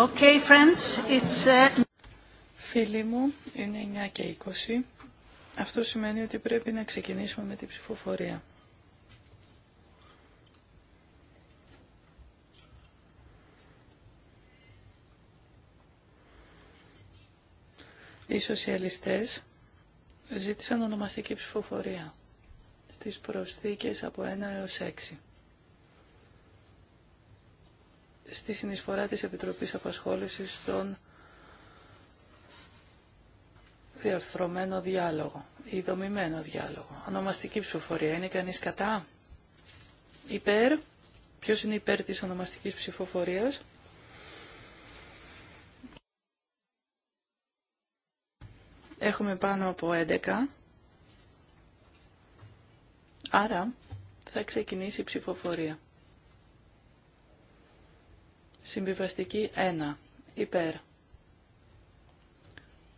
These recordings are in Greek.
Okay, friends, it's... Uh, Φίλοι μου, είναι 9 και 20. Αυτό σημαίνει ότι πρέπει να ξεκινήσουμε με την ψηφοφορία. Οι σοσιαλιστές ζήτησαν ονομαστική ψηφοφορία στις προσθήκες από 1 έως 6 στη συνεισφορά της Επιτροπής Απασχόλησης στον διαρθρωμένο διάλογο ή δομημένο διάλογο. Ονομαστική ψηφοφορία. Είναι κανείς κατά. Υπέρ. Ποιος είναι υπέρ της ονομαστικής ψηφοφορίας. Έχουμε πάνω από 11. Άρα θα ξεκινήσει η ψηφοφορία. Συμβιβαστική 1. Υπέρ.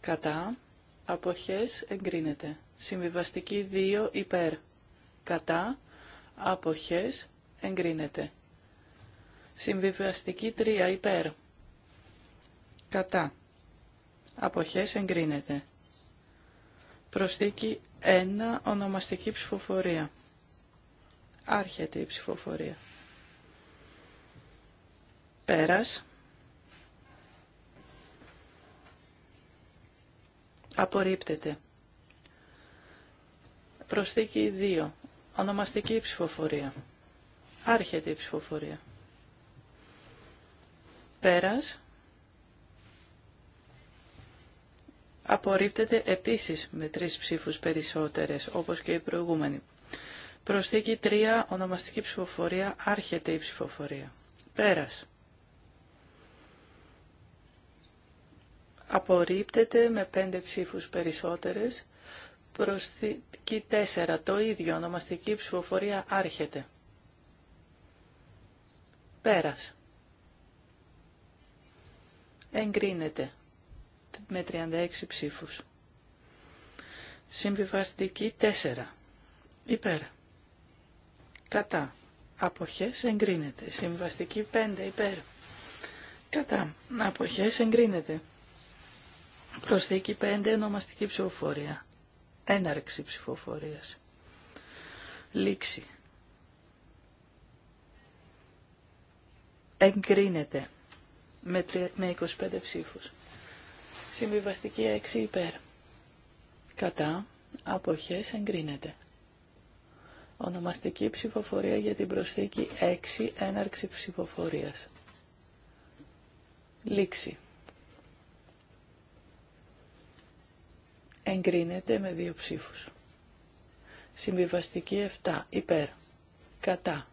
Κατά. Αποχές εγκρίνεται. Συμβιβαστική 2. Υπέρ. Κατά. Αποχές εγκρίνεται. Συμβιβαστική 3. Υπέρ. Κατά. Αποχές εγκρίνεται. Προσθήκη 1. Ονομαστική ψηφοφορία. Άρχεται η ψηφοφορία. Πέρας. Απορρίπτεται. Προσθήκη 2. Ονομαστική ψηφοφορία. Άρχεται η ψηφοφορία. Πέρας. Απορρίπτεται επίσης με τρεις ψήφους περισσότερες, όπως και η προηγούμενη. Προσθήκη 3. Ονομαστική ψηφοφορία. Άρχεται η ψηφοφορία. Πέρας. Απορρίπτεται με πέντε ψήφους περισσότερες. Προσθήκη 4. Το ίδιο ονομαστική ψηφοφορία άρχεται. Πέρας. Εγκρίνεται με 36 ψήφους. Συμβιβαστική 4. Υπέρ. Κατά. Αποχές εγκρίνεται. Συμβαστική 5. Υπέρ. Κατά. Αποχές εγκρίνεται. Προσθήκη 5. Ονομαστική ψηφοφορία. Έναρξη ψηφοφορίας. Λήξη. Εγκρίνεται με 25 ψήφους. Συμβιβαστική 6 υπέρ. Κατά. Αποχές εγκρίνεται. Ονομαστική ψηφοφορία για την προσθήκη 6. Έναρξη ψηφοφορίας. Λήξη. εγκρίνεται με δύο ψήφου. Συμβιβαστική 7 υπέρ. Κατά.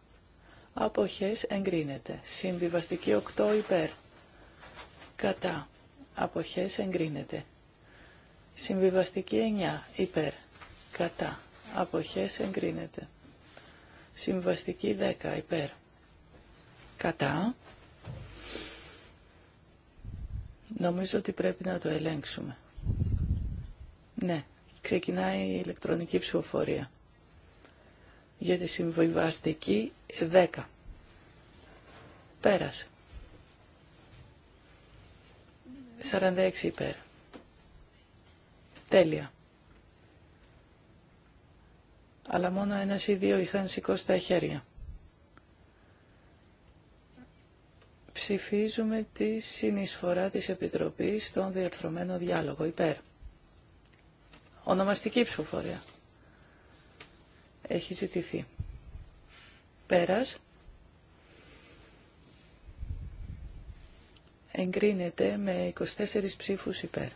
Αποχές εγκρίνεται. Συμβιβαστική 8 υπέρ. Κατά. Αποχές εγκρίνεται. Συμβιβαστική 9 υπέρ. Κατά. Αποχές εγκρίνεται. Συμβαστική 10 υπέρ. Κατά. Νομίζω ότι πρέπει να το ελέγξουμε. Ναι, ξεκινάει η ηλεκτρονική ψηφοφορία για τη συμβιβαστική 10. Πέρασε. 46 υπέρ. Τέλεια. Αλλά μόνο ένας ή δύο είχαν σηκώσει τα χέρια. Ψηφίζουμε τη συνεισφορά της Επιτροπής στον διερθρωμένο διάλογο υπέρ. Ονομαστική ψηφοφορία. Έχει ζητηθεί. Πέρας. Εγκρίνεται με 24 ψήφους υπέρ.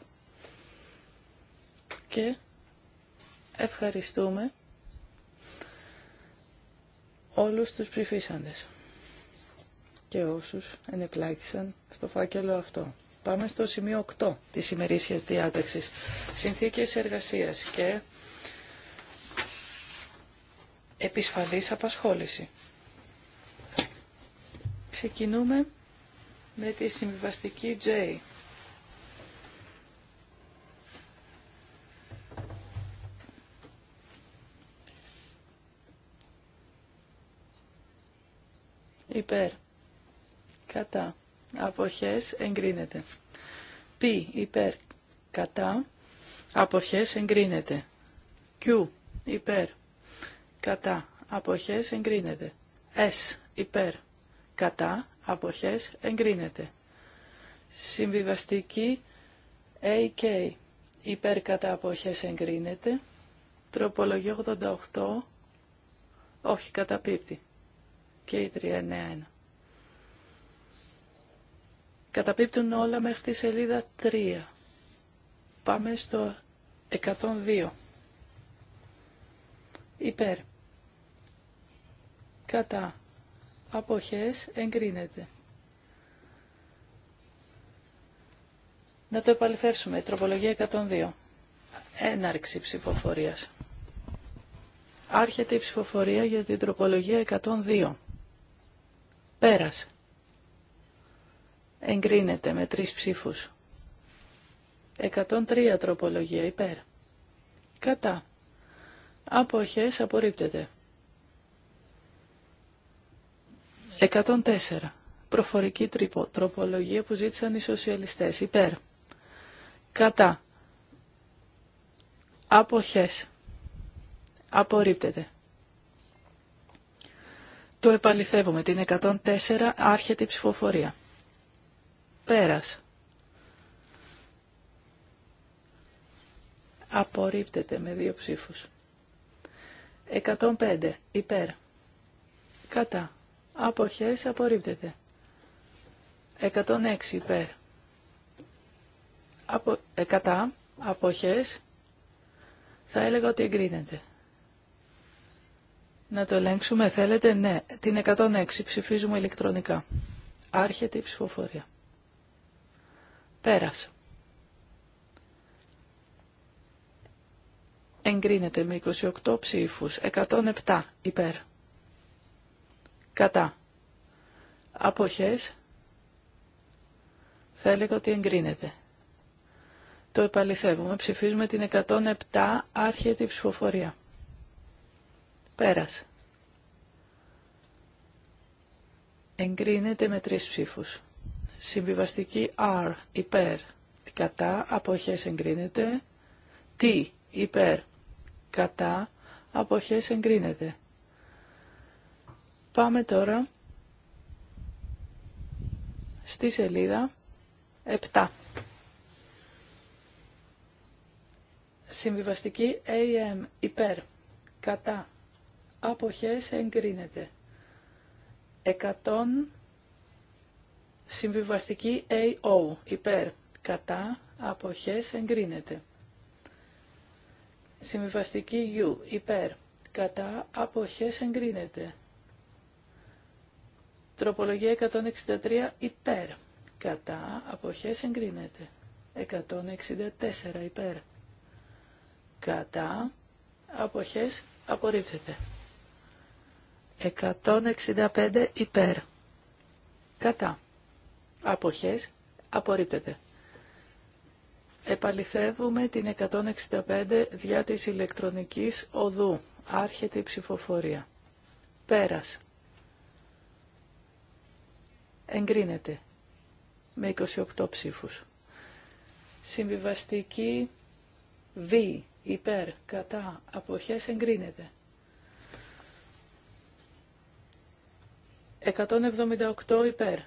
Και ευχαριστούμε όλους τους ψηφίσαντες και όσους ενεπλάκησαν στο φάκελο αυτό. Πάμε στο σημείο 8 της ημερήσιας διάταξης. Συνθήκες εργασίας και επισφαλής απασχόληση. Ξεκινούμε με τη συμβιβαστική J. Υπέρ. Κατά αποχές εγκρίνεται. Π υπέρ κατά αποχές εγκρίνεται. Q υπέρ κατά αποχές εγκρίνεται. S υπέρ κατά αποχές εγκρίνεται. Συμβιβαστική AK υπέρ κατά αποχές εγκρίνεται. Τροπολογία 88 όχι καταπίπτει. Και η 391. Καταπίπτουν όλα μέχρι τη σελίδα 3. Πάμε στο 102. Υπέρ. Κατά. Αποχές εγκρίνεται. Να το επαληθεύσουμε. Τροπολογία 102. Έναρξη ψηφοφορίας. Άρχεται η ψηφοφορία για την τροπολογία 102. Πέρασε. Εγκρίνεται με τρεις ψήφους. 103 τροπολογία υπέρ. Κατά. Αποχές απορρίπτεται. 104. Προφορική τροπολογία που ζήτησαν οι σοσιαλιστές υπέρ. Κατά. Αποχές. Απορρίπτεται. Το επαληθεύουμε. Την 104 άρχεται η ψηφοφορία. Πέρας. Απορρίπτεται με δύο ψήφους. 105. Υπέρ. Κατά. Αποχές απορρίπτεται. 106. Υπέρ. Απο... Ε, κατά. Αποχές. Θα έλεγα ότι εγκρίνεται. Να το ελέγξουμε, θέλετε, ναι. Την 106 ψηφίζουμε ηλεκτρονικά. Άρχεται η ψηφοφορία. Πέρας. Εγκρίνεται με 28 ψήφους, 107 υπέρ. Κατά. Αποχές. Θα έλεγα ότι εγκρίνεται. Το επαληθεύουμε. Ψηφίζουμε την 107 άρχεται ψηφοφορία. Πέρασε. Εγκρίνεται με τρεις ψήφους. Συμβιβαστική R υπέρ κατά αποχές εγκρίνεται. T υπέρ κατά αποχές εγκρίνεται. Πάμε τώρα στη σελίδα 7. Συμβιβαστική AM υπέρ κατά αποχές εγκρίνεται. Συμβιβαστική AO υπέρ κατά αποχές εγκρίνεται. Συμβιβαστική U υπέρ κατά αποχές εγκρίνεται. Τροπολογία 163 υπέρ κατά αποχές εγκρίνεται. 164 υπέρ κατά αποχές απορρίπτεται. 165 υπέρ κατά Αποχές. Απορρίπτεται. Επαληθεύουμε την 165 διά της ηλεκτρονικής οδού. Άρχεται η ψηφοφορία. Πέρας. Εγκρίνεται με 28 ψήφους. Συμβιβαστική Β, υπέρ, κατά, αποχές εγκρίνεται. 178 υπέρ,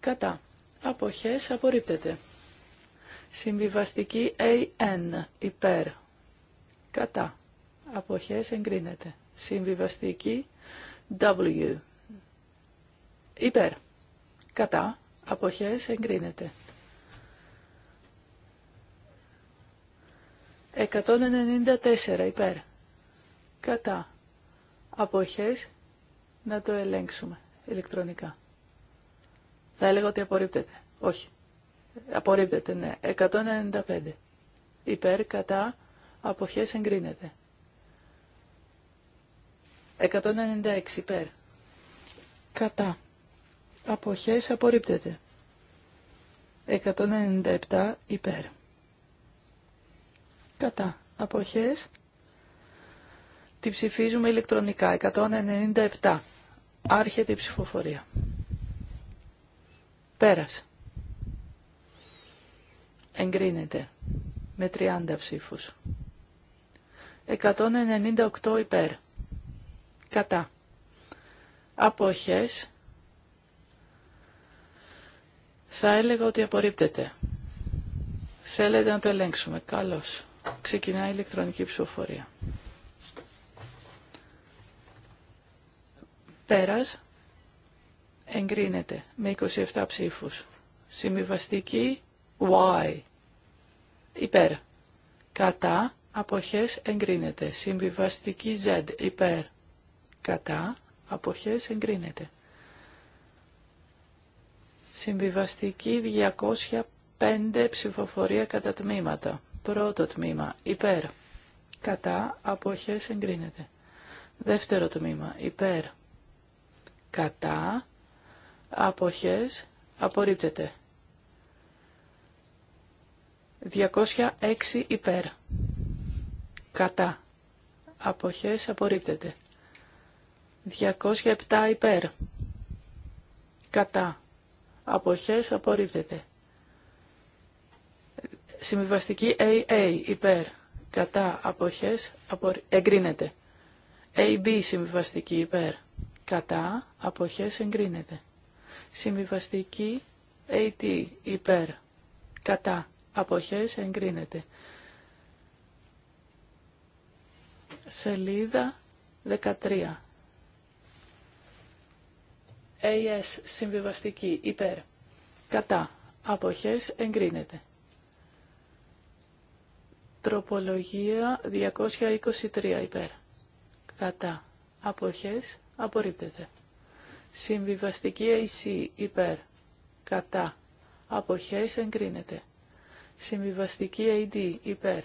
κατά, αποχές απορρίπτεται. Συμβιβαστική AN υπέρ, κατά, αποχές εγκρίνεται. Συμβιβαστική W υπέρ, κατά, αποχές εγκρίνεται. 194 υπέρ. Κατά. Αποχές να το ελέγξουμε ηλεκτρονικά. Θα έλεγα ότι απορρίπτεται. Όχι. Απορρίπτεται, ναι. 195. Υπέρ, κατά, αποχές εγκρίνεται. 196 υπέρ. Κατά. Αποχές απορρίπτεται. 197 υπέρ. Κατά. Αποχές. Τη ψηφίζουμε ηλεκτρονικά. 197. Άρχεται η ψηφοφορία. Πέρασε. Εγκρίνεται με 30 ψήφους. 198 υπέρ. Κατά. Αποχές. Θα έλεγα ότι απορρίπτεται. Θέλετε να το ελέγξουμε. Καλώς. Ξεκινάει η ηλεκτρονική ψηφοφορία. Πέρας εγκρίνεται με 27 ψήφους. Συμβιβαστική Y υπέρ. Κατά αποχές εγκρίνεται. Συμβιβαστική Z υπέρ. Κατά αποχές εγκρίνεται. Συμβιβαστική 205 ψηφοφορία κατά τμήματα. Πρώτο τμήμα υπέρ. Κατά αποχές εγκρίνεται. Δεύτερο τμήμα υπέρ. Κατά αποχές απορρίπτεται. 206 υπέρ. Κατά. Αποχές απορρίπτεται. 207 υπέρ. Κατά. Αποχές απορρίπτεται. Συμβιβαστική AA υπέρ. Κατά. Αποχές εγκρίνεται. AB συμβιβαστική υπέρ. Κατά. Αποχές εγκρίνεται. Συμβιβαστική AT υπέρ. Κατά. Αποχές εγκρίνεται. Σελίδα 13. AS συμβιβαστική υπέρ. Κατά. Αποχές εγκρίνεται. Τροπολογία 223 υπέρ. Κατά. Αποχές απορρίπτεται. Συμβιβαστική AC υπέρ. Κατά. Αποχές εγκρίνεται. Συμβιβαστική AD υπέρ.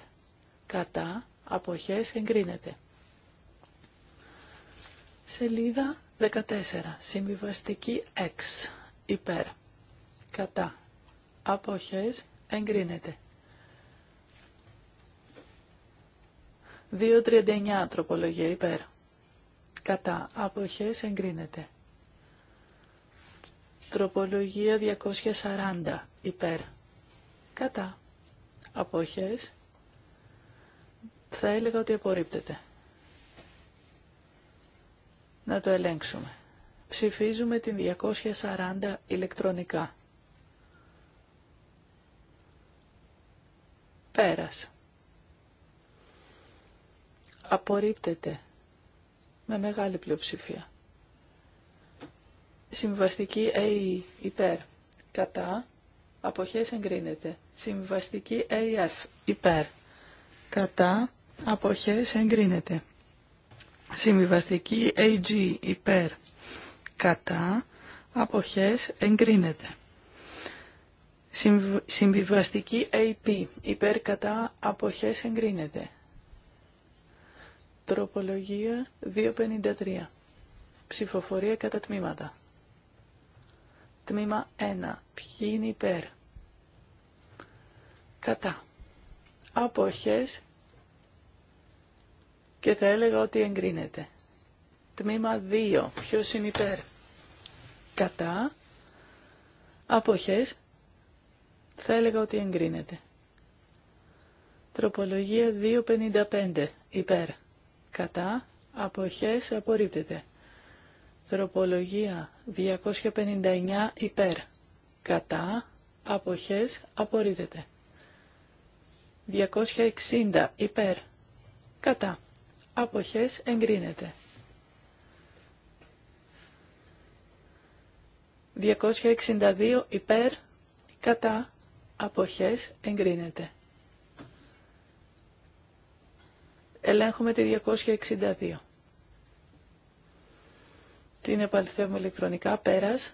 Κατά. Αποχές εγκρίνεται. Σελίδα 14. Συμβιβαστική X υπέρ. Κατά. Αποχές εγκρίνεται. 2.39 τροπολογία υπέρ. Κατά. Αποχές εγκρίνεται. Τροπολογία 240 υπέρ. Κατά. Αποχές. Θα έλεγα ότι απορρίπτεται. Να το ελέγξουμε. Ψηφίζουμε την 240 ηλεκτρονικά. Πέρας. Απορρίπτεται. Με μεγάλη πλειοψηφία. Συμβαστική ΑΕ υπέρ. Κατά. Αποχές εγκρίνεται. Συμβαστική AF υπέρ. Κατά. Αποχές εγκρίνεται. Συμβιβαστική AG υπέρ. Κατά. Αποχές εγκρίνεται. Συμβιβαστική AP υπέρ κατά αποχές εγκρίνεται. Τροπολογία 253. Ψηφοφορία κατά τμήματα. Τμήμα 1. Ποιοι είναι υπέρ. Κατά. Αποχές. Και θα έλεγα ότι εγκρίνεται. Τμήμα 2. Ποιος είναι υπέρ. Κατά. Αποχές. Θα έλεγα ότι εγκρίνεται. Τροπολογία 2.55. Υπέρ. Κατά. Αποχές. Απορρίπτεται. Τροπολογία 259 υπέρ. Κατά. Αποχές. Απορρίπτεται. 260 υπέρ. Κατά. Αποχές. Εγκρίνεται. 262 υπέρ. Κατά. Αποχές. Εγκρίνεται. Ελέγχουμε τη 262. Την επαληθεύουμε ηλεκτρονικά. Πέρας.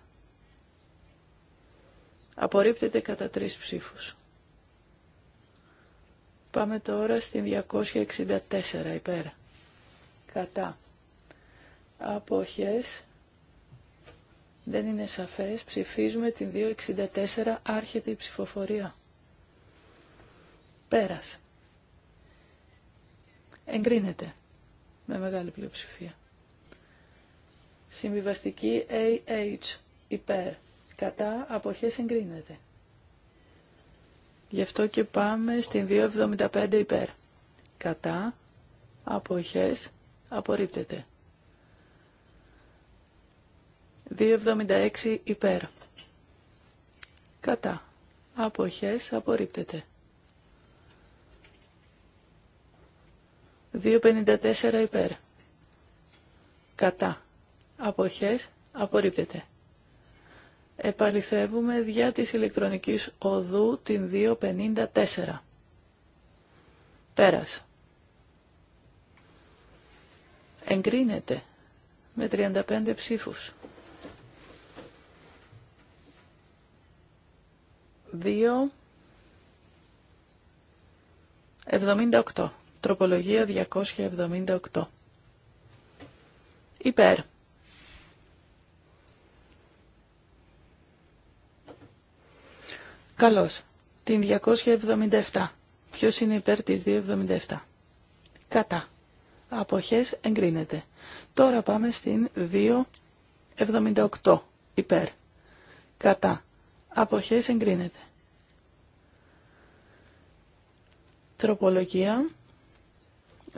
Απορρίπτεται κατά τρεις ψήφους. Πάμε τώρα στην 264 υπέρ. Κατά. Αποχές. Δεν είναι σαφές. Ψηφίζουμε την 264. Άρχεται η ψηφοφορία. Πέρας. Εγκρίνεται. Με μεγάλη πλειοψηφία. Συμβιβαστική AH υπέρ. Κατά απόχέ εγκρίνεται. Γι' αυτό και πάμε στην 2.75 υπέρ. Κατά αποχές απορρίπτεται. 2.76 υπέρ. Κατά αποχές απορρίπτεται. 2.54 υπέρ. Κατά αποχές απορρίπτεται. Επαληθεύουμε διά της ηλεκτρονικής οδού την 254. Πέρας. Εγκρίνεται με 35 ψήφους. 2.78. Τροπολογία 278. Υπέρ. Καλώς. Την 277. Ποιος είναι υπέρ της 277. Κατά. Αποχές εγκρίνεται. Τώρα πάμε στην 278. Υπέρ. Κατά. Αποχές εγκρίνεται. Τροπολογία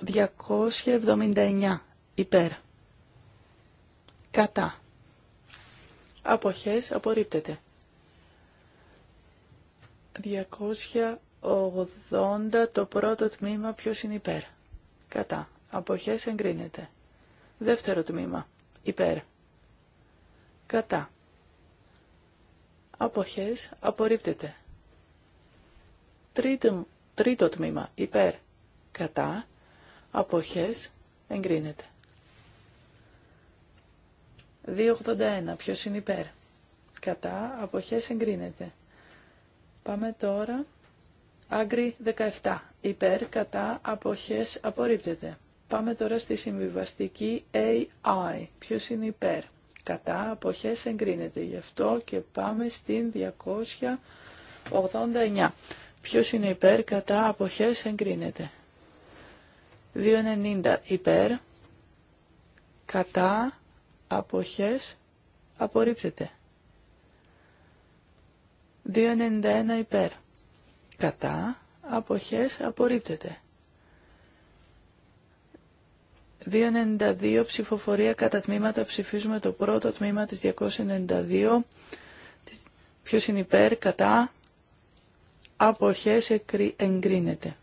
279. Υπέρ. Κατά. Αποχές απορρίπτεται. 280 το πρώτο τμήμα ποιος είναι υπέρ. Κατά. Αποχές εγκρίνεται. Δεύτερο τμήμα. Υπέρ. Κατά. Αποχές απορρίπτεται. Τρίτο, τρίτο τμήμα. Υπέρ. Κατά. Αποχές εγκρίνεται. 281. Ποιος είναι υπέρ. Κατά. Αποχές εγκρίνεται. Πάμε τώρα. Άγκρι 17. Υπέρ, κατά, αποχές, απορρίπτεται. Πάμε τώρα στη συμβιβαστική AI. Ποιος είναι υπέρ. Κατά, αποχές, εγκρίνεται. Γι' αυτό και πάμε στην 289. Ποιος είναι υπέρ, κατά, αποχές, εγκρίνεται. 290 υπέρ, κατά, αποχές, απορρίπτεται. 2.91 υπέρ. Κατά. Αποχές απορρίπτεται. 2.92 ψηφοφορία κατά τμήματα. Ψηφίζουμε το πρώτο τμήμα της 292. Ποιος είναι υπέρ. Κατά. Αποχές εγκρίνεται.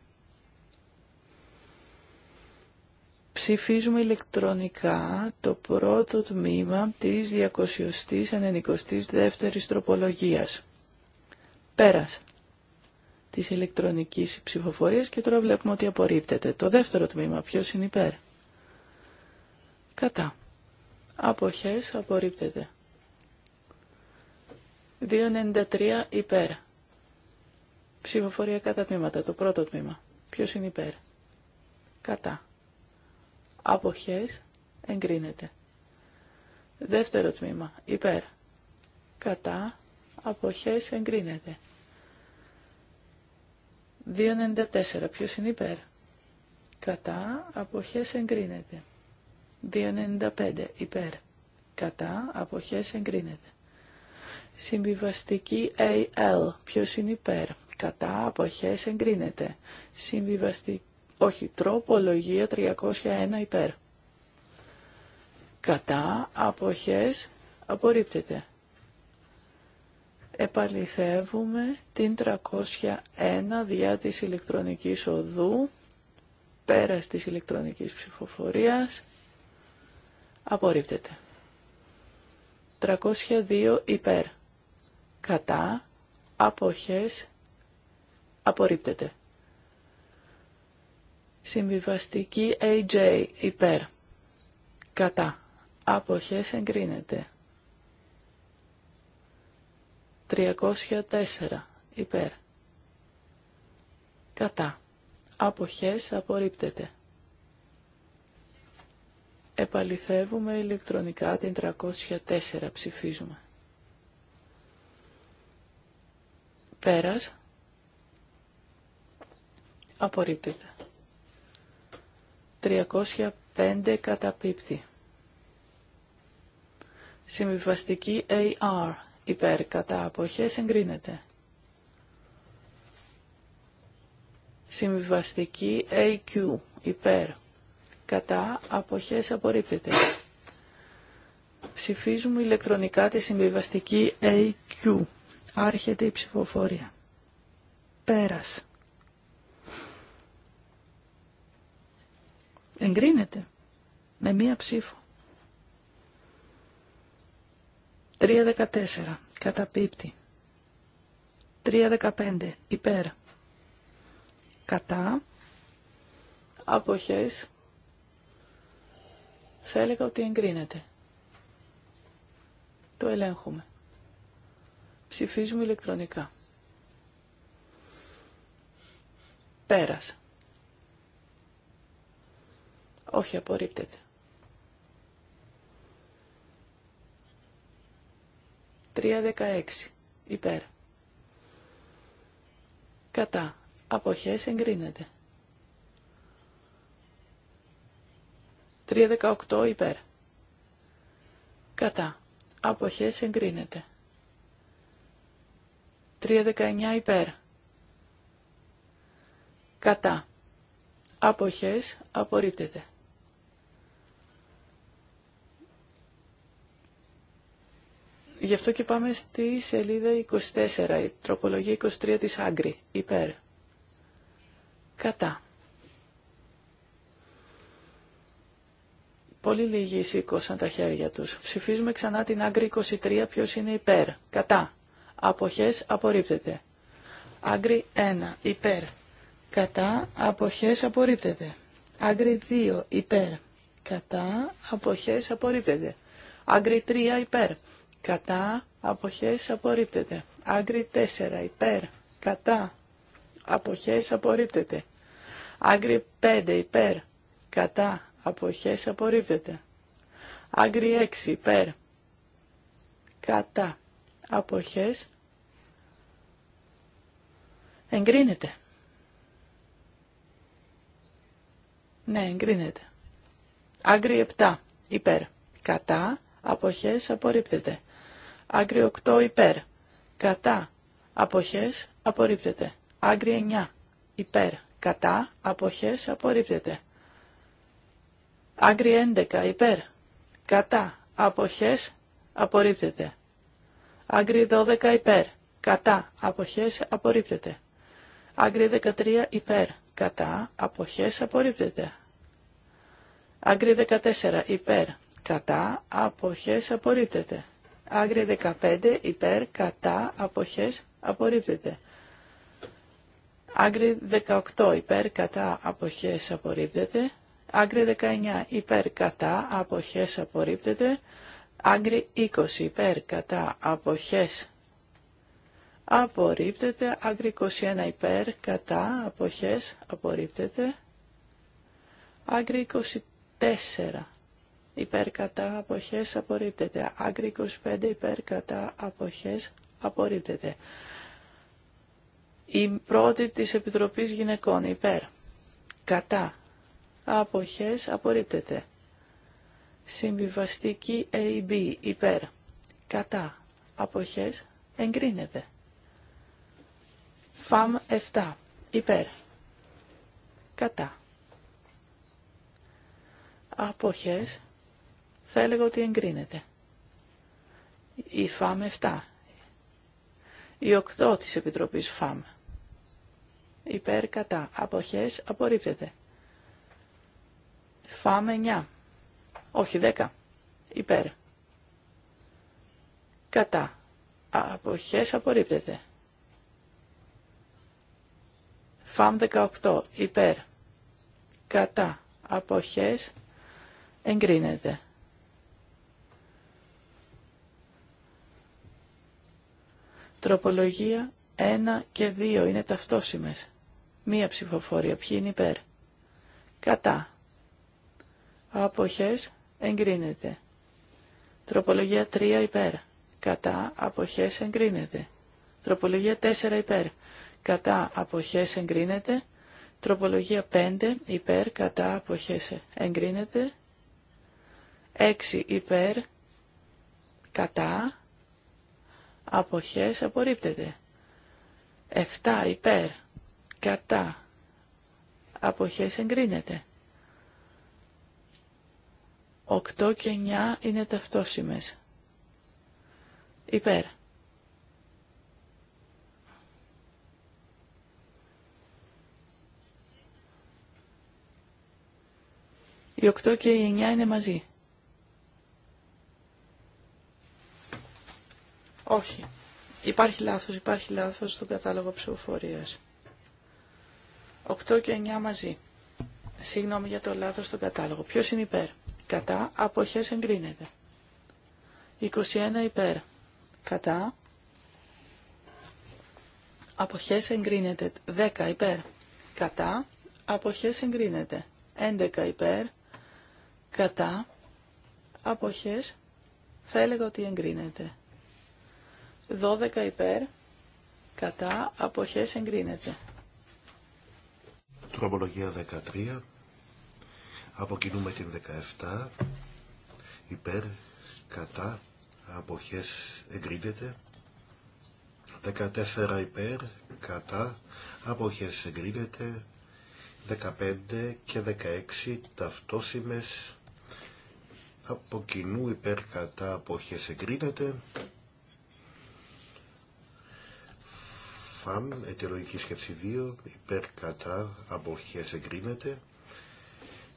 Ψηφίζουμε ηλεκτρονικά το πρώτο τμήμα της 292ης τροπολογίας. Πέρας της ηλεκτρονικής ψηφοφορίας και τώρα βλέπουμε ότι απορρίπτεται. Το δεύτερο τμήμα, ποιος είναι υπέρ. Κατά. Αποχές απορρίπτεται. 2.93 υπέρ. Ψηφοφορία κατά τμήματα. Το πρώτο τμήμα. Ποιος είναι υπέρ. Κατά. Αποχές εγκρίνεται. Δεύτερο τμήμα. Υπέρ. Κατά αποχές εγκρίνεται. 2.94. Ποιος είναι υπέρ. Κατά αποχές εγκρίνεται. 2.95. Υπέρ. Κατά αποχές εγκρίνεται. Συμβιβαστική AL. Ποιος είναι υπέρ. Κατά αποχές εγκρίνεται. Συμβιβαστική... Όχι, τροπολογία 301 υπέρ. Κατά αποχές απορρίπτεται επαληθεύουμε την 301 διά της ηλεκτρονικής οδού, πέρας της ηλεκτρονικής ψηφοφορίας, απορρίπτεται. 302 υπέρ, κατά, αποχές, απορρίπτεται. Συμβιβαστική AJ υπέρ, κατά, αποχές εγκρίνεται. 304 υπέρ. Κατά. Αποχές απορρίπτεται. Επαληθεύουμε ηλεκτρονικά την 304 ψηφίζουμε. Πέρας. Απορρίπτεται. 305 καταπίπτει. Συμβιβαστική AR υπέρ κατά αποχές εγκρίνεται. Συμβιβαστική AQ υπέρ κατά αποχές απορρίπτεται. Ψηφίζουμε ηλεκτρονικά τη συμβιβαστική AQ. Άρχεται η ψηφοφορία. Πέρας. Εγκρίνεται. Με μία ψήφο. 3.14 καταπίπτει. 3.15 υπέρ. Κατά. Αποχές. Θα έλεγα ότι εγκρίνεται. Το ελέγχουμε. Ψηφίζουμε ηλεκτρονικά. Πέρας. Όχι, απορρίπτεται. 3.16 υπέρ. Κατά. Αποχές εγκρίνεται. 3.18 υπέρ. Κατά. Αποχές εγκρίνεται. 3.19 υπέρ. Κατά. Αποχές απορρίπτεται. Γι' αυτό και πάμε στη σελίδα 24, η τροπολογία 23 της Άγκρη, υπέρ. Κατά. Πολύ λίγοι σήκωσαν τα χέρια τους. Ψηφίζουμε ξανά την Άγκρη 23, ποιος είναι υπέρ. Κατά. Αποχές απορρίπτεται. Άγκρη 1, υπέρ. Κατά. Αποχές απορρίπτεται. Άγκρη 2, υπέρ. Κατά. Αποχές απορρίπτεται. Άγκρη 3, υπέρ κατά, αποχές απορρίπτεται. Άγκρι 4 υπέρ, κατά, αποχές απορρίπτεται. Άγκρι 5 υπέρ, κατά, αποχές απορρίπτεται. Άγκρι 6 υπέρ, κατά, αποχές εγκρίνεται. Ναι, εγκρίνεται. Άγκρι 7 υπέρ, κατά, αποχές απορρίπτεται. Άγκρι 8 υπέρ. Κατά. Αποχές απορρίπτεται. Άγκρι 9 υπέρ. Κατά. Αποχές απορρίπτεται. Άγκρι 11 υπέρ. Κατά. Αποχές απορρίπτεται. Άγκρι 12 υπέρ. Κατά. Αποχές απορρίπτεται. Άγκρι 13 υπέρ. Κατά. Αποχές απορρίπτεται. Άγκρι 14 υπέρ. Κατά. Αποχές απορρίπτεται. Άγρια 15 υπέρ κατά αποχές απορρίπτεται. Άγκρη 18 υπέρ κατά αποχές απορρίπτεται. Άγκρη 19 υπέρ κατά αποχές απορρίπτεται. Άγκρη 20 υπέρ κατά αποχές απορρίπτεται. Άγκρη 21 υπέρ κατά αποχές απορρίπτεται. Άγκρη 24 υπέρ κατά αποχές απορρίπτεται. Άγκρι 25 υπέρ κατά αποχές απορρίπτεται. Η πρώτη της Επιτροπής Γυναικών υπέρ κατά αποχές απορρίπτεται. Συμβιβαστική AB υπέρ κατά αποχές εγκρίνεται. ΦΑΜ 7 υπέρ κατά αποχές θα έλεγα ότι εγκρίνεται. Η ΦΑΜ 7. Η 8 της Επιτροπής ΦΑΜ. Υπέρ κατά. Αποχές απορρίπτεται. ΦΑΜ 9. Όχι 10. Υπέρ. Κατά. Αποχές απορρίπτεται. ΦΑΜ 18. Υπέρ. Κατά. Αποχές εγκρίνεται. Τροπολογία 1 και 2 είναι ταυτόσημες. Μία ψηφοφορία. Ποιοι είναι υπέρ. Κατά. Αποχές εγκρίνεται. Τροπολογία 3 υπέρ. Κατά. Αποχές εγκρίνεται. Τροπολογία 4 υπέρ. Κατά. Αποχές εγκρίνεται. Τροπολογία 5 υπέρ. Κατά. Αποχές εγκρίνεται. 6 υπέρ. Κατά αποχές απορρίπτεται. 7 υπέρ κατά αποχές εγκρίνεται. 8 και 9 είναι ταυτόσιμες. Υπέρ. Οι 8 και οι 9 είναι μαζί. Όχι. Υπάρχει λάθος, υπάρχει λάθος στον κατάλογο ψηφοφορία. 8 και 9 μαζί. Συγγνώμη για το λάθος στον κατάλογο. Ποιος είναι υπέρ. Κατά αποχές εγκρίνεται. 21 υπέρ. Κατά αποχές εγκρίνεται. 10 υπέρ. Κατά αποχές εγκρίνεται. 11 υπέρ. Κατά αποχές θα έλεγα ότι εγκρίνεται. 12 υπέρ, κατά, αποχές εγκρίνεται. Τροπολογία 13. Αποκινούμε την 17. Υπέρ, κατά, αποχές εγκρίνεται. 14 υπέρ, κατά, αποχές εγκρίνεται. 15 και 16 ταυτόσημες. από κοινού υπέρ κατά αποχές εγκρίνεται. ΦΑΜ, αιτιολογική σκέψη 2, υπέρ κατά αποχέ εγκρίνεται.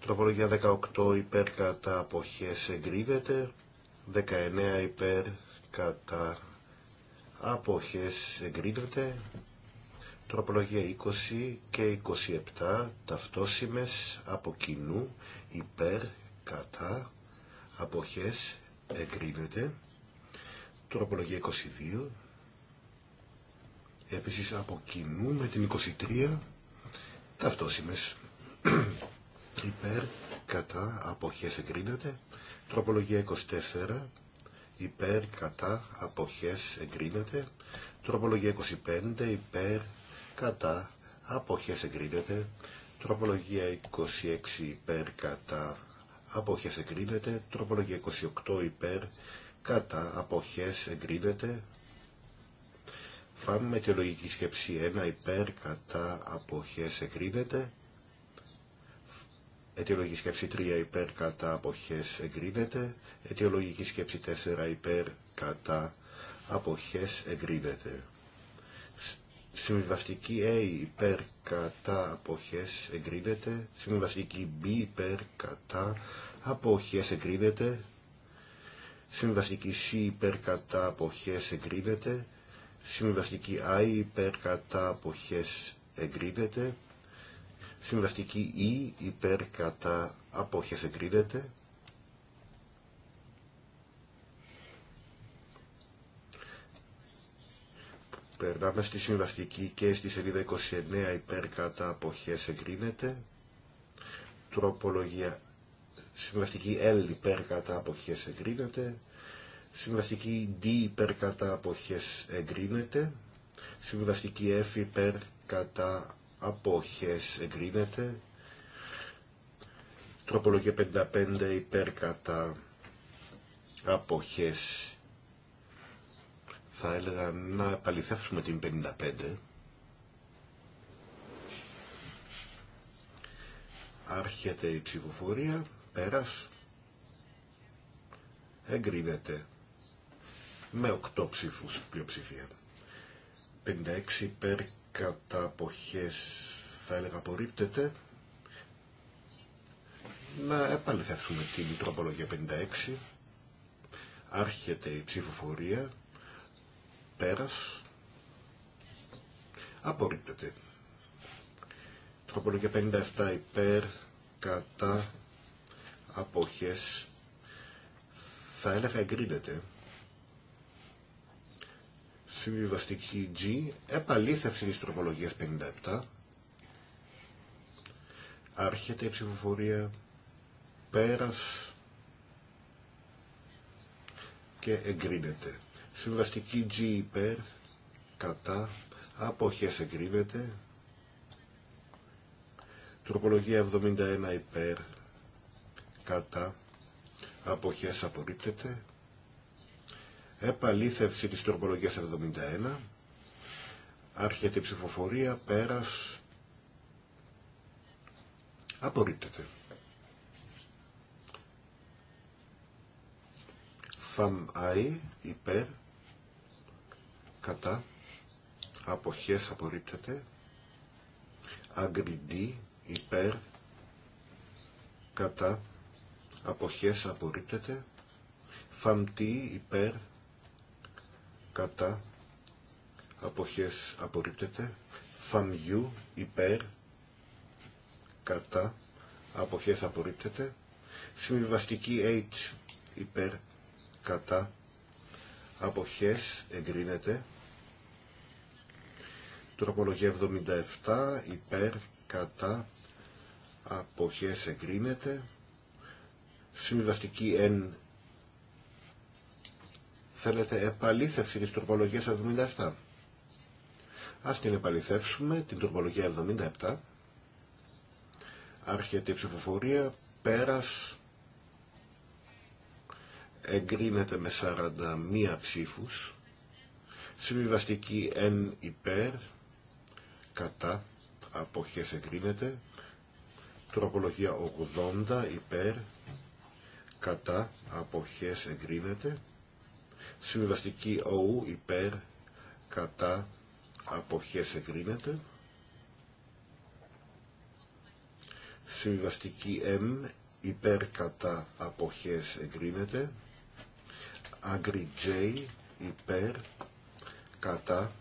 Τροπολογία 18 υπέρ κατά αποχέ εγκρίνεται. 19 υπέρ κατά αποχέ εγκρίνεται. Τροπολογία 20 και 27 ταυτόσιμες από κοινού υπέρ κατά αποχέ εγκρίνεται. Τροπολογία 22 Επίσης από κοινού με την 23 ταυτόσημες υπέρ κατά αποχές εγκρίνεται. Τροπολογία 24 υπέρ κατά αποχές εγκρίνεται. Τροπολογία 25 υπέρ κατά αποχές εγκρίνεται. Τροπολογία 26 υπέρ κατά αποχές εγκρίνεται. Τροπολογία 28 υπέρ κατά αποχές εγκρίνεται φάμε με τη λογική σκέψη 1 υπέρ κατά αποχές εγκρίνεται. Αιτιολογική σκέψη 3 υπέρ κατά αποχές εγκρίνεται. Αιτιολογική σκέψη 4 υπέρ κατά αποχές εγκρίνεται. Συμβιβαστική A υπέρ κατά αποχές εγκρίνεται. Συμβιβαστική B υπέρ κατά αποχές εγκρίνεται. Συμβαστική C υπέρ κατά αποχές εγκρίνεται. Συμβαστική I υπέρ κατά αποχές εγκρίνεται. Συμβαστική E υπέρ κατά αποχές εγκρίνεται. Περνάμε στη συμβαστική και στη σελίδα 29 υπέρ κατά αποχές εγκρίνεται. Τροπολογία συμβαστική L υπέρ κατά αποχές εγκρίνεται. Συμβαστική D υπέρ κατά αποχές εγκρίνεται. Συμβαστική F υπέρ κατά αποχές εγκρίνεται. Τροπολογία 55 υπέρ κατά αποχές θα έλεγα να επαληθεύσουμε την 55 άρχεται η ψηφοφορία πέρας εγκρίνεται με 8 ψήφους πλειοψηφία. 56 υπέρ κατά αποχές θα έλεγα απορρίπτεται. Να επαληθεύσουμε την τροπολογία 56. Άρχεται η ψηφοφορία. Πέρας. Απορρίπτεται. Τροπολογία 57 υπέρ κατά αποχές θα έλεγα εγκρίνεται συμβιβαστική G, επαλήθευση της τροπολογίας 57, άρχεται η ψηφοφορία, πέρας και εγκρίνεται. Συμβαστική G υπέρ, κατά, αποχές εγκρίνεται. Τροπολογία 71 υπέρ, κατά, αποχές απορρίπτεται επαλήθευση της τροπολογίας 71, άρχεται η ψηφοφορία, πέρας, απορρίπτεται. Φαμ αΐ, υπέρ, κατά, αποχές απορρίπτεται, αγκριντή, υπέρ, κατά, αποχές απορρίπτεται, φαμτί, υπέρ, κατά αποχές απορρίπτεται φαμιού υπέρ κατά αποχές απορρίπτεται συμβιβαστική H υπέρ κατά αποχές εγκρίνεται τροπολογία 77 υπέρ κατά αποχές εγκρίνεται συμβιβαστική N Θέλετε επαλήθευση της τροπολογία 77. Ας την επαληθεύσουμε, την τροπολογία 77. Άρχεται η ψηφοφορία, πέρας εγκρίνεται με 41 ψήφους. Συμβιβαστική εν υπέρ, κατά, αποχές εγκρίνεται. Τροπολογία 80 υπέρ, κατά, αποχές εγκρίνεται. Συμβιβαστική ΟΟΥ υπέρ κατά αποχές εγκρίνεται. Συμβιβαστική M υπέρ κατά αποχές εγκρίνεται. Άγκρι J υπέρ κατά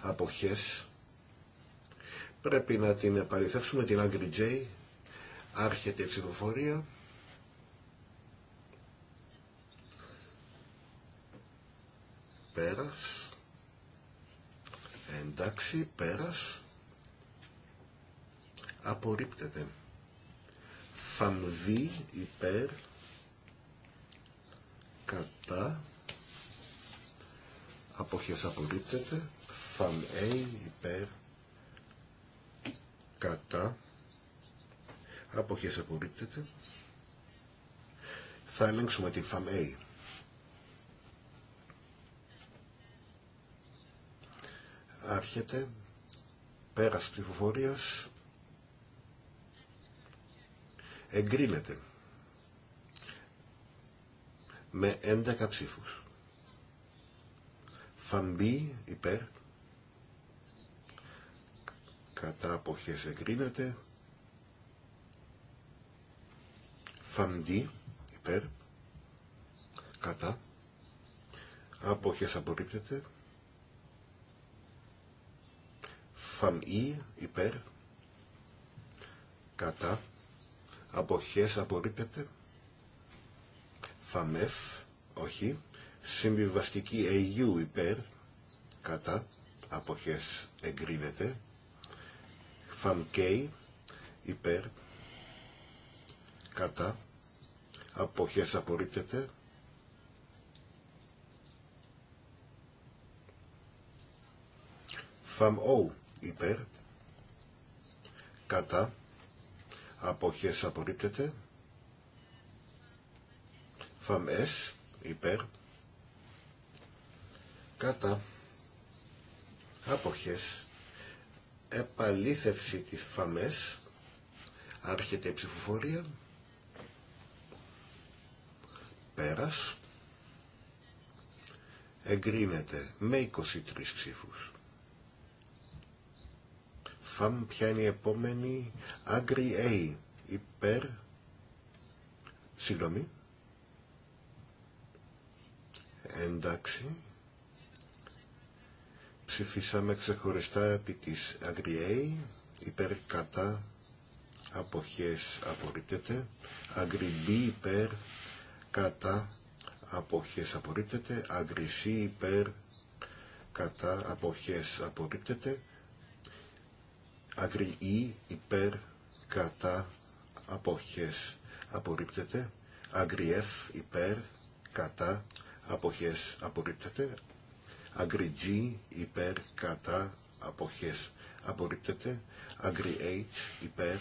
αποχές. Πρέπει να την επαληθεύσουμε την agri J. Άρχεται η ψηφοφορία. πέρας. Εντάξει, πέρας. Απορρίπτεται. Φαμβή υπέρ κατά αποχές απορρίπτεται. Φαμέι υπέρ κατά αποχές απορρίπτεται. Θα ελέγξουμε την ΦΑΜΕΙ. άρχεται πέρας πληροφορίας εγκρίνεται με 11 ψήφους. Φαμπή υπέρ κατά αποχές εγκρίνεται φανδί υπέρ κατά αποχές απορρίπτεται φαμ ή υπέρ κατά αποχές απορρίπτεται φαμεφ όχι συμβιβαστική αιγιού υπέρ κατά αποχές εγκρίνεται φαμκέι υπέρ κατά αποχές απορρίπτεται φαμ -ο, υπέρ, κατά, αποχές απορρίπτεται, φαμ εσ, υπέρ, κατά, αποχές, επαλήθευση της φαμές, άρχεται η ψηφοφορία, πέρας, εγκρίνεται με 23 ψήφους. Φαμ, ποια είναι η επόμενη. Άγκρι A. Υπέρ. Συγγνώμη. Εντάξει. Ψηφίσαμε ξεχωριστά επί της Άγκρι A. Υπέρ κατά αποχές απορρίπτεται. Άγκρι B υπέρ κατά αποχές απορρίπτεται. Άγκρι C υπέρ κατά αποχές απορρίπτεται. Αγρι E υπέρ κατά αποχές απορρίπτεται. Agri F υπέρ κατά αποχές απορρίπτεται. Agri G υπέρ κατά αποχές απορρίπτεται. Αγρι H υπέρ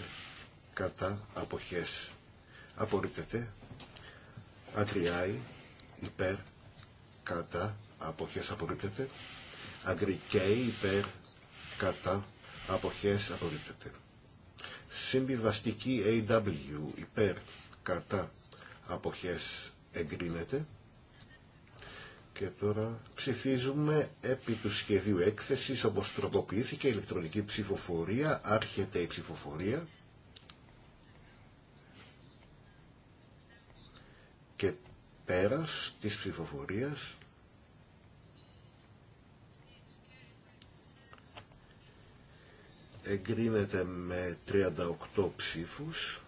κατά αποχές απορρίπτεται. Agri I υπέρ κατά αποχές απορρίπτεται. Agri K υπέρ κατά αποχές απορρίπτεται. Συμβιβαστική AW υπέρ κατά αποχές εγκρίνεται. Και τώρα ψηφίζουμε επί του σχεδίου έκθεσης όπως τροποποιήθηκε η ηλεκτρονική ψηφοφορία, άρχεται η ψηφοφορία. Και πέρας της ψηφοφορίας εγκρίνεται με 38 ψήφους,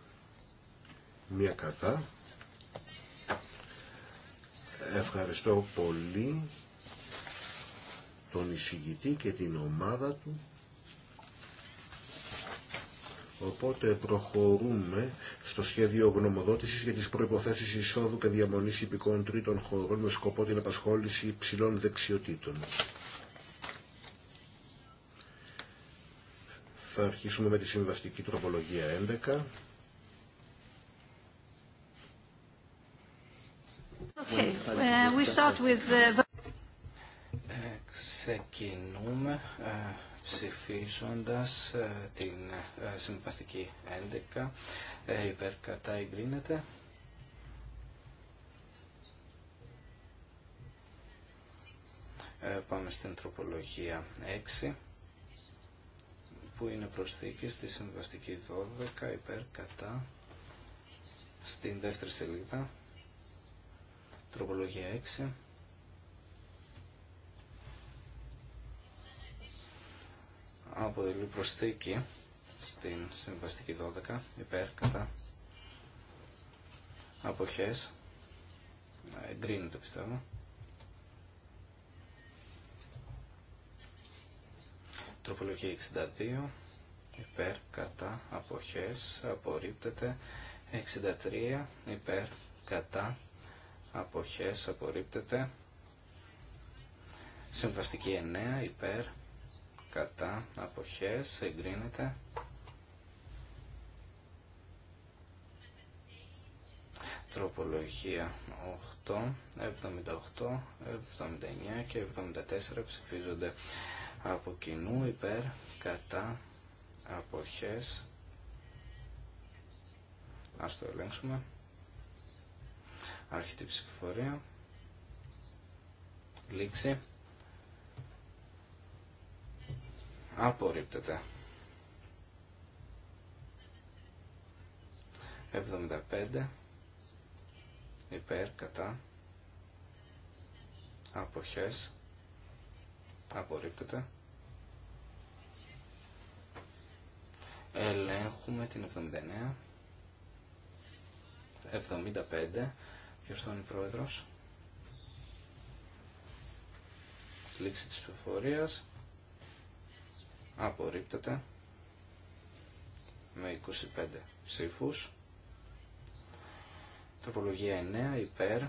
μία κατά. Ευχαριστώ πολύ τον εισηγητή και την ομάδα του. Οπότε προχωρούμε στο σχέδιο γνωμοδότησης για τις προϋποθέσεις εισόδου και διαμονής υπηκών τρίτων χωρών με σκοπό την απασχόληση υψηλών δεξιοτήτων. Θα αρχίσουμε με τη συμβαστική τροπολογία 11. Uh, ε, ξεκινούμε ψηφίζοντα ε, ψηφίζοντας ε, την συμβαστική 11 Η κατά εγκρίνεται. Πάμε στην τροπολογία 6 που είναι προσθήκη στη συμβαστική 12 υπέρ κατά στην δεύτερη σελίδα τροπολογία 6 αποτελεί προσθήκη στην συμβαστική 12 υπέρ κατά αποχές εγκρίνεται πιστεύω Τροπολογία 62 υπέρ κατά αποχές απορρίπτεται 63 υπέρ κατά αποχές απορρίπτεται συμβαστική 9 υπέρ κατά αποχές εγκρίνεται τροπολογία 8, 78, 79 και 74 ψηφίζονται από κοινού υπέρ κατά αποχές ας το ελέγξουμε άρχιτη ψηφοφορία λήξη απορρίπτεται 75 υπέρ κατά αποχές απορρίπτεται Ελέγχουμε την 79. 75. Διορθώνει πρόεδρος. Λήξη της πληροφορίας. Απορρίπτεται. Με 25 ψήφους. Τροπολογία 9. Υπέρ.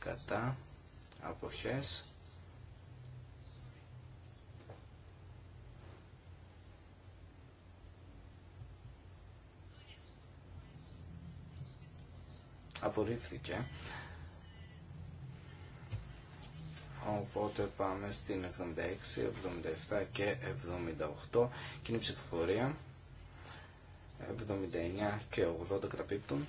Κατά. Αποχές. Απορρίφθηκε. Οπότε πάμε στην 76, 77 και 78. Κοινή ψηφοφορία. 79 και 80 καταπίπτουν.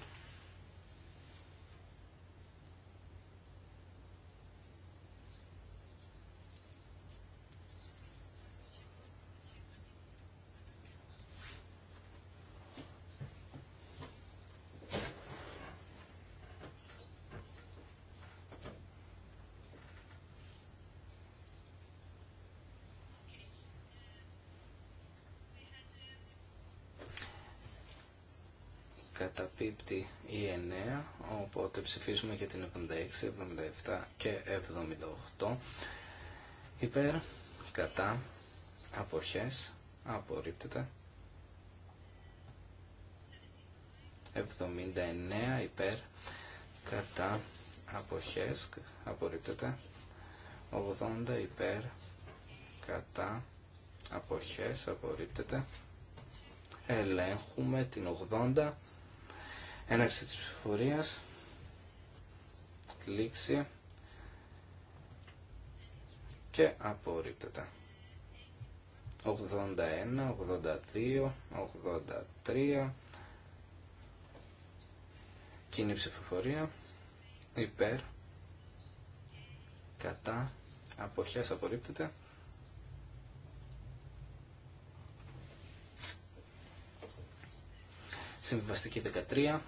καταπίπτει η 9, οπότε ψηφίζουμε για την 76, 77 και 78. Υπέρ, κατά, αποχές, απορρίπτεται. 79 υπέρ, κατά, αποχές, απορρίπτεται. 80 υπέρ, κατά, αποχές, απορρίπτεται. Ελέγχουμε την 80 Έναρξη της ψηφοφορίας. Λήξη. Και απορρίπτεται. 81, 82, 83. Κοινή ψηφοφορία. Υπέρ. Κατά. Αποχές απορρίπτεται. Συμβιβαστική 13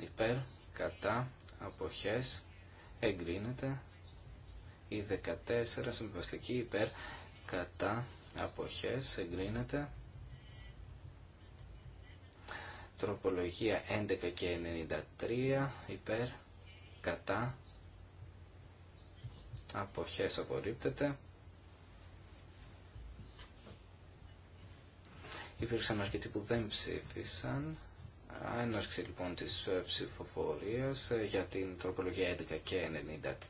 υπέρ, κατά, αποχές, εγκρίνεται. Η 14 συμβαστική υπέρ, κατά, αποχές, εγκρίνεται. Τροπολογία 11 και 93 υπέρ, κατά, αποχές απορρίπτεται. Υπήρξαν αρκετοί που δεν ψήφισαν. Έναρξη λοιπόν της ε, ψηφοφορίας ε, για την τροπολογία 11 και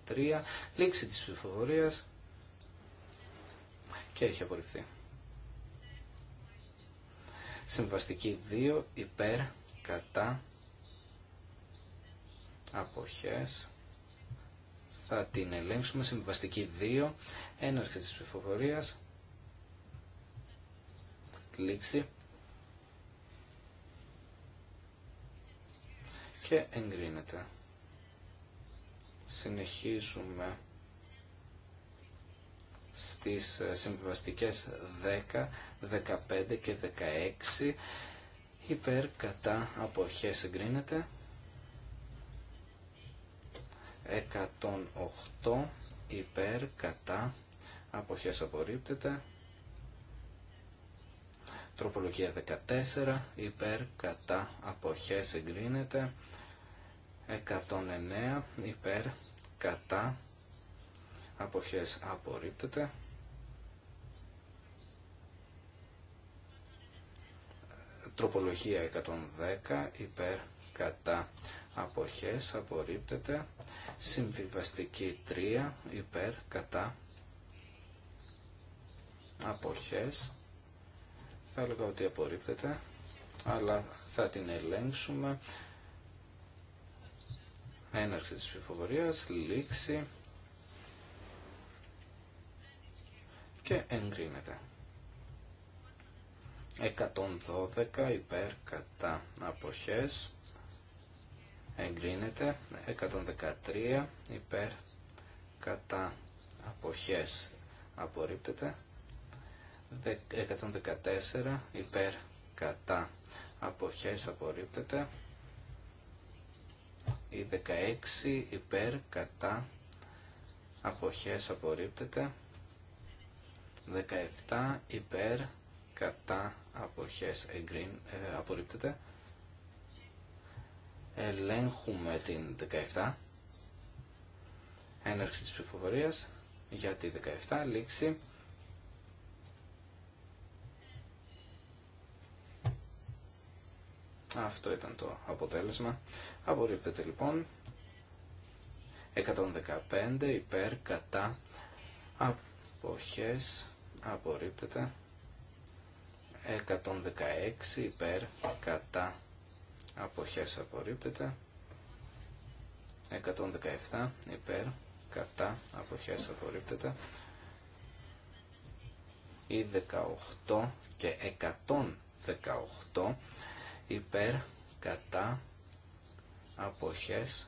93, λήξη της ψηφοφορίας και έχει απορριφθεί. Συμβαστική 2 υπέρ κατά αποχές. Θα την ελέγξουμε. Συμβαστική 2, έναρξη της ψηφοφορίας, λήξη. και εγκρίνεται. Συνεχίζουμε στις ε, συμβιβαστικές 10, 15 και 16 υπέρ κατά αποχές εγκρίνεται 108 υπέρ κατά αποχές απορρίπτεται τροπολογία 14 υπέρ κατά αποχές εγκρίνεται 109 υπέρ κατά αποχές απορρίπτεται τροπολογία 110 υπέρ κατά αποχές απορρίπτεται συμβιβαστική 3 υπέρ κατά αποχές θα έλεγα ότι απορρίπτεται αλλά θα την ελέγξουμε Έναρξη της ψηφοφορίας, λήξη και εγκρίνεται. 112 υπέρ κατά αποχές εγκρίνεται 113 υπέρ κατά αποχές απορρίπτεται 114 υπέρ κατά αποχές απορρίπτεται η 16 υπέρ κατά αποχές απορρίπτεται. 17 υπέρ κατά αποχές εγκρίν, ε, απορρίπτεται. Ελέγχουμε την 17. Έναρξη της ψηφοφορίας για τη 17 λήξη Αυτό ήταν το αποτέλεσμα. Απορρίπτεται λοιπόν. 115 υπέρ κατά αποχές απορρίπτεται. 116 υπέρ κατά αποχές απορρίπτεται. 117 υπέρ κατά αποχές απορρίπτεται. Ή 18 και 118 υπέρ, κατά, αποχές,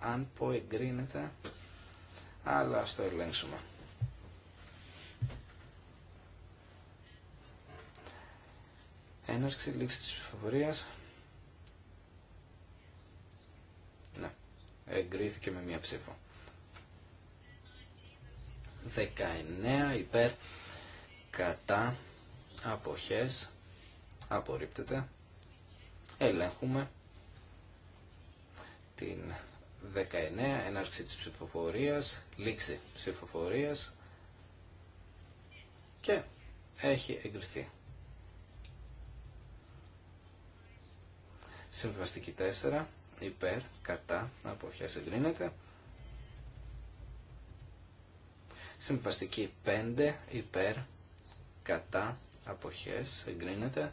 αν πω εγκρίνεται, αλλά ας το ελέγξουμε. Έναρξη λήξη της ψηφοφορίας. Ναι, εγκρίθηκε με μία ψήφο. 19 υπέρ, κατά, αποχές απορρίπτεται ελέγχουμε την 19 έναρξη της ψηφοφορίας λήξη ψηφοφορίας και έχει εγκριθεί συμβαστική 4 υπέρ κατά αποχές εγκρίνεται συμβαστική 5 υπέρ κατά αποχές εγκρίνεται.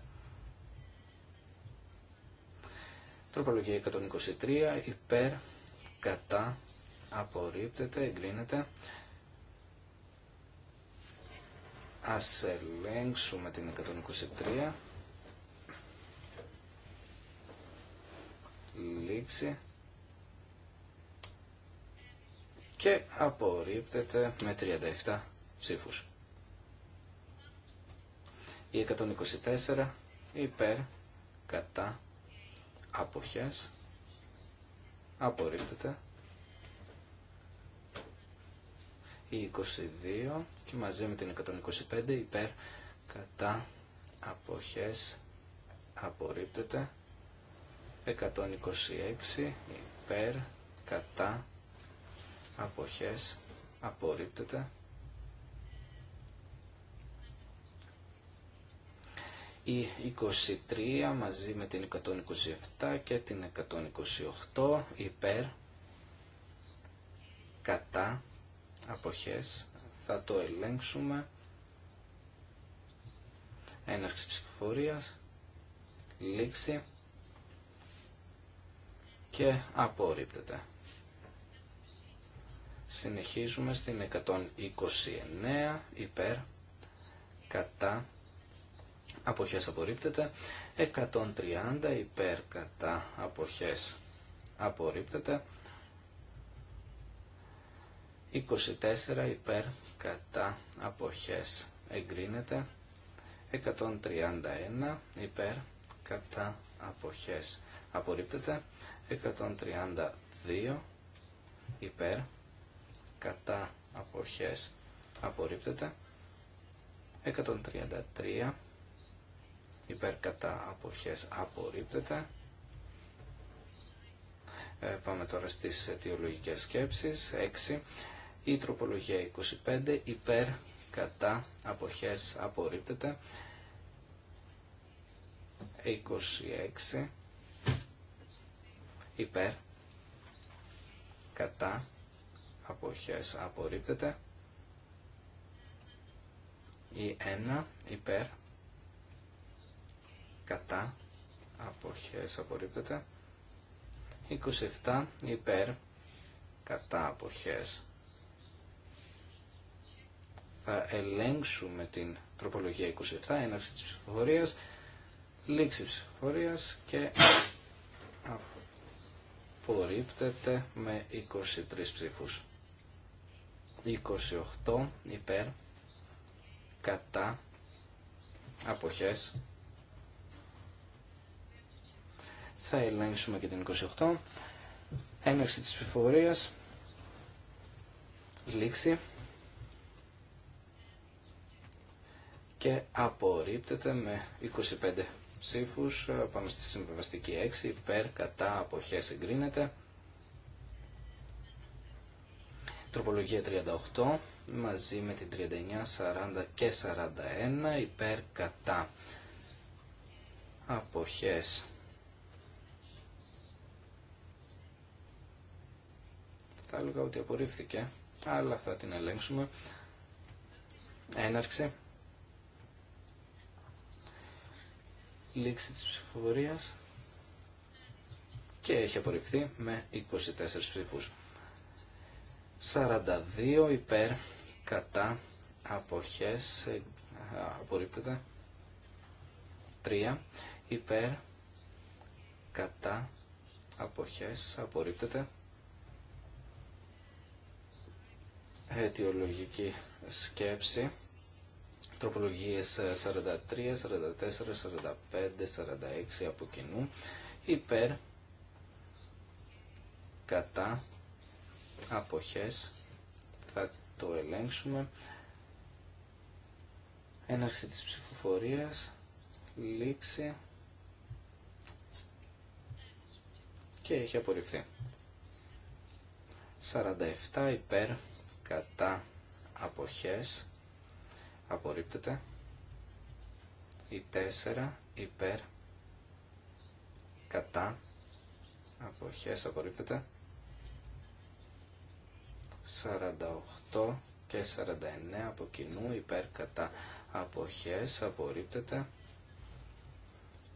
Τροπολογία 123 υπέρ κατά απορρίπτεται, εγκρίνεται. Ας ελέγξουμε την 123. Λήψη. Και απορρίπτεται με 37 ψήφους. Η 124 υπέρ κατά αποχές απορρίπτεται. Η 22 και μαζί με την 125 υπέρ κατά αποχές απορρίπτεται. 126 υπέρ κατά αποχές απορρίπτεται η 23 μαζί με την 127 και την 128 υπέρ κατά αποχές θα το ελέγξουμε έναρξη ψηφοφορίας λήξη και απορρίπτεται συνεχίζουμε στην 129 υπέρ κατά αποχές απορρίπτεται, 130 υπέρ κατά αποχές απορρίπτεται, 24 υπέρ κατά αποχές εγκρίνεται, 131 υπέρ κατά αποχές απορρίπτεται, 132 υπέρ κατά αποχές απορρίπτεται, 133 υπέρ κατά αποχές απορρίπτεται. Ε, πάμε τώρα στις αιτιολογικές σκέψεις. 6. Η τροπολογία 25 υπέρ κατά αποχές απορρίπτεται. 26 υπέρ κατά αποχές απορρίπτεται. Η 1 υπέρ κατά αποχές απορρίπτεται 27 υπέρ κατά αποχές θα ελέγξουμε την τροπολογία 27 έναρξη της ψηφοφορίας λήξη ψηφοφορίας και απορρίπτεται με 23 ψήφους 28 υπέρ κατά αποχές θα ελέγξουμε και την 28. Έναρξη της ψηφοφορίας. Λήξη. Και απορρίπτεται με 25 ψήφους. Πάμε στη συμβεβαστική 6. Υπέρ, κατά, αποχές συγκρίνεται Τροπολογία 38 μαζί με την 39, 40 και 41 υπέρ κατά αποχές θα έλεγα ότι απορρίφθηκε, αλλά θα την ελέγξουμε. Έναρξη. Λήξη της ψηφοφορίας. Και έχει απορριφθεί με 24 ψηφούς. 42 υπέρ κατά αποχές απορρίπτεται 3 υπέρ κατά αποχές απορρίπτεται αιτιολογική σκέψη. Τροπολογίες 43, 44, 45, 46 από κοινού. Υπέρ, κατά, αποχές. Θα το ελέγξουμε. Έναρξη της ψηφοφορίας. Λήξη. Και έχει απορριφθεί. 47 υπέρ κατά αποχές απορρίπτεται η 4 υπέρ κατά αποχές απορρίπτεται 48 και 49 από κοινού υπέρ κατά αποχές απορρίπτεται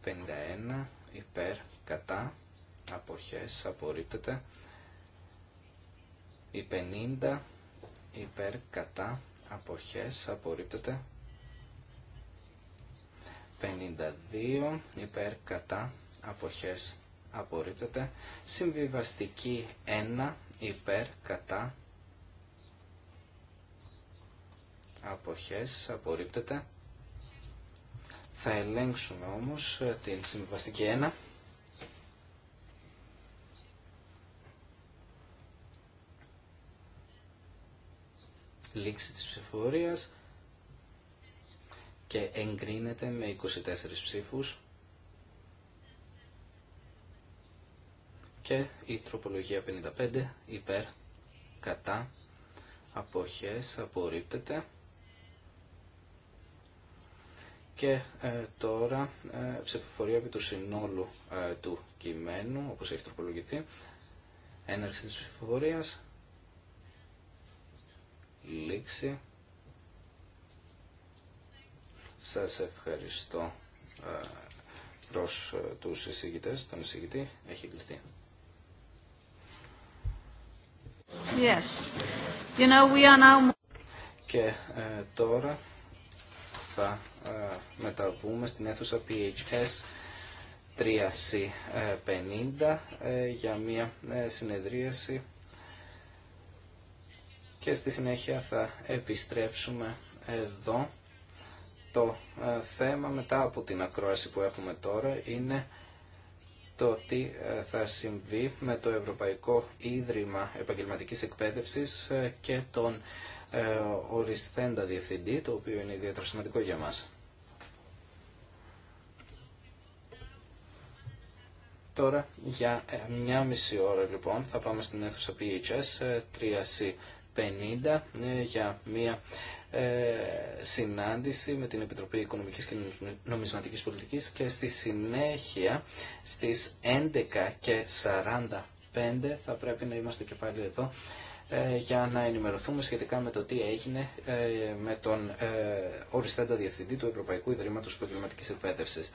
51 υπέρ κατά αποχές απορρίπτεται η 50 υπέρ κατά αποχές απορρίπτεται 52 υπέρ κατά αποχές απορρίπτεται συμβιβαστική 1 υπέρ κατά αποχές απορρίπτεται θα ελέγξουμε όμως ε, την συμβιβαστική 1 λήξη της ψηφοφορίας και εγκρίνεται με 24 ψήφους και η τροπολογία 55 υπέρ κατά αποχές απορρίπτεται και ε, τώρα ε, ψηφοφορία επί του συνόλου ε, του κειμένου όπως έχει τροπολογηθεί έναρξη της ψηφοφορίας λήξη. Σας ευχαριστώ ε, προς ε, τους εισηγητές, τον εισηγητή, έχει κληθεί. Yes. You know, we are now... Και ε, τώρα θα ε, μεταβούμε στην αίθουσα PHS 3C50 ε, ε, για μια συνεδρίαση και στη συνέχεια θα επιστρέψουμε εδώ. Το ε, θέμα μετά από την ακρόαση που έχουμε τώρα είναι το τι ε, θα συμβεί με το Ευρωπαϊκό Ίδρυμα Επαγγελματικής Εκπαίδευσης ε, και τον οριστέντα διευθυντή, το οποίο είναι ιδιαίτερα σημαντικό για μας. Τώρα για μια μισή ώρα λοιπόν θα πάμε στην αίθουσα PHS 3C 50 ε, για μια ε, συνάντηση με την Επιτροπή Οικονομικής και Νομισματικής Πολιτικής και στη συνέχεια στις 11 και 45 θα πρέπει να είμαστε και πάλι εδώ ε, για να ενημερωθούμε σχετικά με το τι έγινε με τον οριστέντα διευθυντή του Ευρωπαϊκού Ιδρύματος Επαγγελματικής Εκπαίδευσης.